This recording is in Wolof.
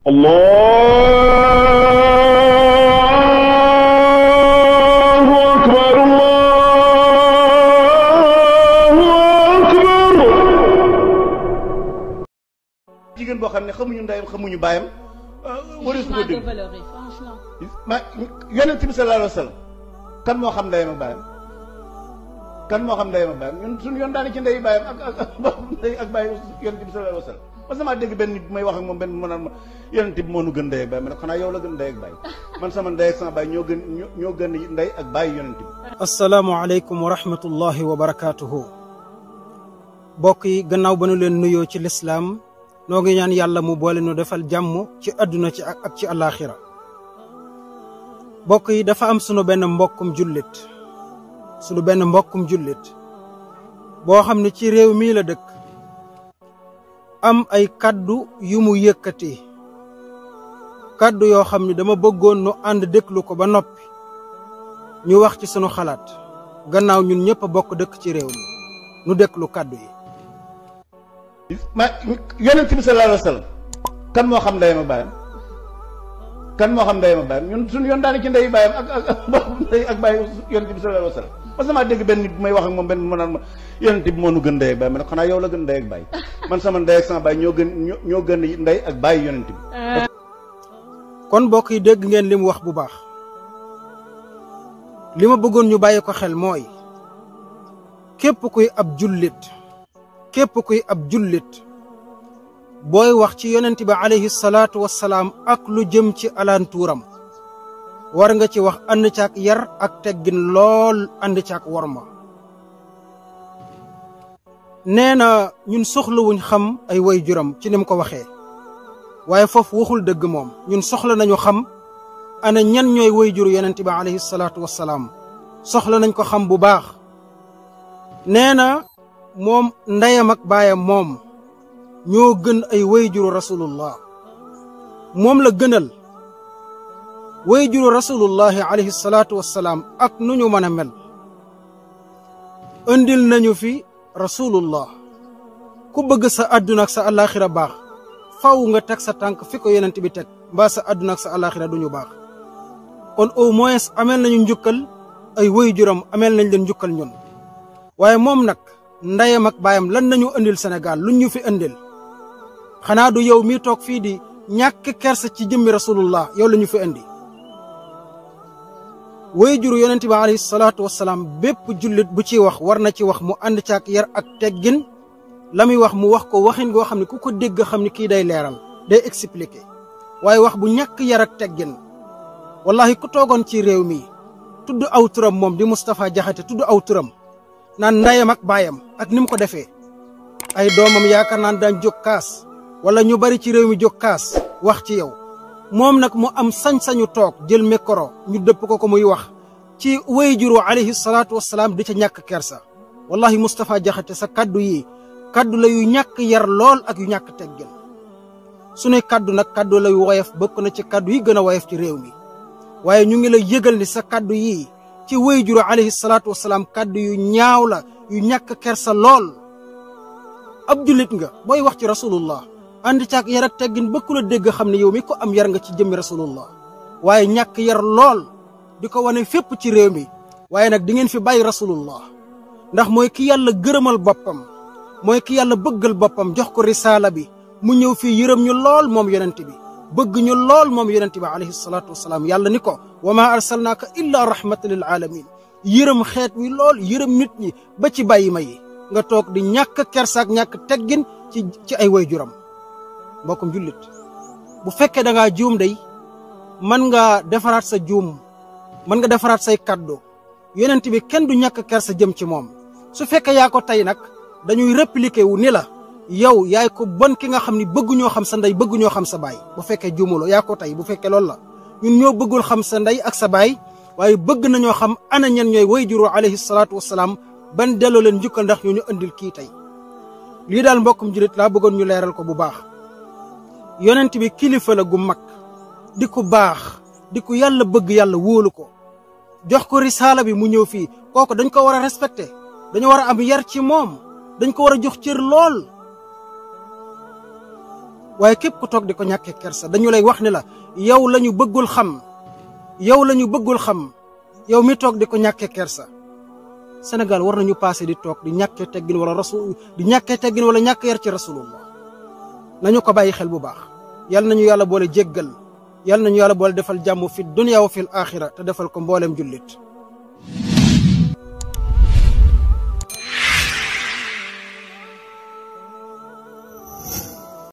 الله أكبر الله أكبر jigéen boo xam ne xamuñu ndeyam xamuñu baayam waris ko dégg ma yonent bi sallallahu alayhi wa sallam kan moo xam ndeyam ak baayam kan moo xam ndeyam ak baayam ñun suñu yoon daane ci ndeyu baayam ak ak ak baay yonent bi sallallahu alayhi wa sallam parce que dégg benn nit may wax moom benn mu naan ma yonent moo nu gën ndey ak baay ma ne xanaa yow la gën ndey ak man sama ndey ak sama baay ñoo gën ñoo gën ndey ak baay yonent bi asalaamaaleykum wa rahmatullahi wa barakaatu bokk yi gannaaw ba nu leen nuyoo ci lislaam noo ngi ñaan yàlla mu boole nu defal jàmm ci àdduna ci ak ci alaaxira bokk yi dafa am sunu benn mbokkum jullit sunu benn mbokkum jullit boo xam ne ci réew mii la dëkk am ay kaddu yu mu yëkëti kaddu yo xamni dama bëggoon nu ànd déglu ko ba noppi ñu wax ci suñu xalaat gannaaw ñun ñëpp bokk dekk ci réew mi nu déglu kaddu yi. ma yonent bi sallallahu alayhi wasallam kan mo xam ndeyam bayam kan mo xam ndeyam bayam ñun suñu yoon daane ci ndey bayam ak ak ak baay yonent bi sallallahu alayhi wasallam parce que ma dégg ben nit bu may wax ak mom ben mo naan ma bi mo nu gën ndey bayam baay ne xanaa yow la gën ndey ak baay. man sama ndey ak sama baay ñoo gën ñoo gën ndey ak bàyyi yonent kon mbokk yi dégg ngeen li mu wax bu baax li ma bëggoon ñu bàyyi ko xel mooy képp kuy ab jullit képp kuy ab jullit booy wax ci yonent bi alayhi salaatu wassalaam ak lu jëm ci alantuuram war nga ci wax ànd caak yar ak teggin lool ànd caak worma nee na ñun soxlawuñ xam ay way juram ci ni mu ko waxee waaye foofu waxul dëgg moom ñun soxla nañu xam ana ñan ñooy way juru yonent bi alayhi salaatu wassalaam soxla nañ ko xam bu baax nee na moom ak baayam moom ñoo gën ay way juru rasulullah moom la gënal way juru rasulullahi alayhi salaatu wassalaam ak nu ñu mën a mel indil nañu fi rasulullah ku bëgg sa àdduna ak sa àllaaxira baax faw nga teg sa tànk fi ko yonent bi teg mbaa sa àdduna ak sa du ñu baax kon au moins ameel nañu njukkal ay wëy juram ameel nañ leen njukkal ñun waaye moom nag ndeyam ak baayam lan nañu indil Sénégal lu ñu fi indil xanaa du yow mi toog fii di ñàkk kerse ci jëmmi rasulullah yow la ñu fi indi way juru yonent bi alayhi salaatu wasalaam bépp jullit bu ciy wax war na ci wax mu ànd ci ak yar ak teggin la muy wax mu wax ko waxin goo xam ne ku ko dégg xam ne kii day leeral day expliquer waaye wax bu ñàkk yar ak teggin wallahi ku toogoon ci réew mi tudd aw turam moom di Moustapha Jaxate tudd aw turam naan ndayam ak baayam ak ni mu ko defee ay doomam yaakaar naan daan jóg kaas wala ñu bari ci réew mi jóg kaas wax ci yow moom nag mu am sañ-sañu toog jël micro ñu dëpp ko ko muy wax ci wayjur wa alayhi salaatu wasalaam di ca ñàkk kersa wallahi Moustapha Diakhaté sa kàddu yi kàddu la yu ñàkk yar lool ak yu ñàkk teggin su ne kàddu nag kaddu la yu woyof bokk na ci kàddu yi gën a woyof ci réew mi waaye ñu ngi la yëgal ni sa kàddu yi ci wayjur wa alayhi salaatu wasalaam kaddu yu ñaaw la yu ñàkk kersa lool ab jullit nga booy wax ci rasulullah andi caak yar ak teggin ba ku yow mi ko am yar nga ci jëmmi rasulullah waye ñak yar lol diko wone wane ci rew mi waye nak di ngeen fi rasulullah ndax moy ki yalla gëreemal bopam moy ki yalla bëggal bopam jox ko risala bi mu ñew fi yërëm ñu lool moom yonent bi bëgg ñu mom moom yonent bi alayhi salatu wassalam yalla niko wama wa illa rahmatan lil alamin yërëm xet wi lol yërëm nit ñi ba ci bàyyi ma yi nga tok di ñak kersak ñak teggin ci ci ay wayjuram mbokum julit bu fekke da nga joom day man nga defarat sa joom man nga defarat say kaddo yonentibi ken du ñak ñàkk sa jëm ci mom su fekke ya ko tay nak dañuy répliquer wu ni la yow yaay ko bon ki nga xamni bëgg ñoo xam sa nday bëgg ñoo xam sa bay bu fekke joomulo ya ko tay bu fekke lool la ñun ñoo bëggul xam sa nday ak sa wai waye bëgg nañu xam ana ñen ñooy wayjuru alayhi salatu wassalam ban delo len jukal ndax ñu ñu andil ki tay li dal mbokum julit la bëggon ñu leral ko bu baax yonent bi kilifa la gu mak di bax diko di ku yàlla bëgg yàlla wóolu ko jox ko risala bi mu ñew fi koko dañ ko wara respecté dañ wara am yar ci mom dañ ko wara jox ciir lool waye kep ku tok di ñaké kersa dañu lay wax ni la yow lañu bëggul xam yow lañu bëggul xam yow mi tok di ñaké kersa Senegal war nañu passé di tok di ñaké teggin wala rasul di ñaké teggin wala ñàkk yar ci rasulullah nañu ko bayyi xel bu baax يال نانيو يالا بولي جيغال يال نانيو يالا بولي ديفال جامو في الدنيا وفي الاخره تا ديفال كو مبولم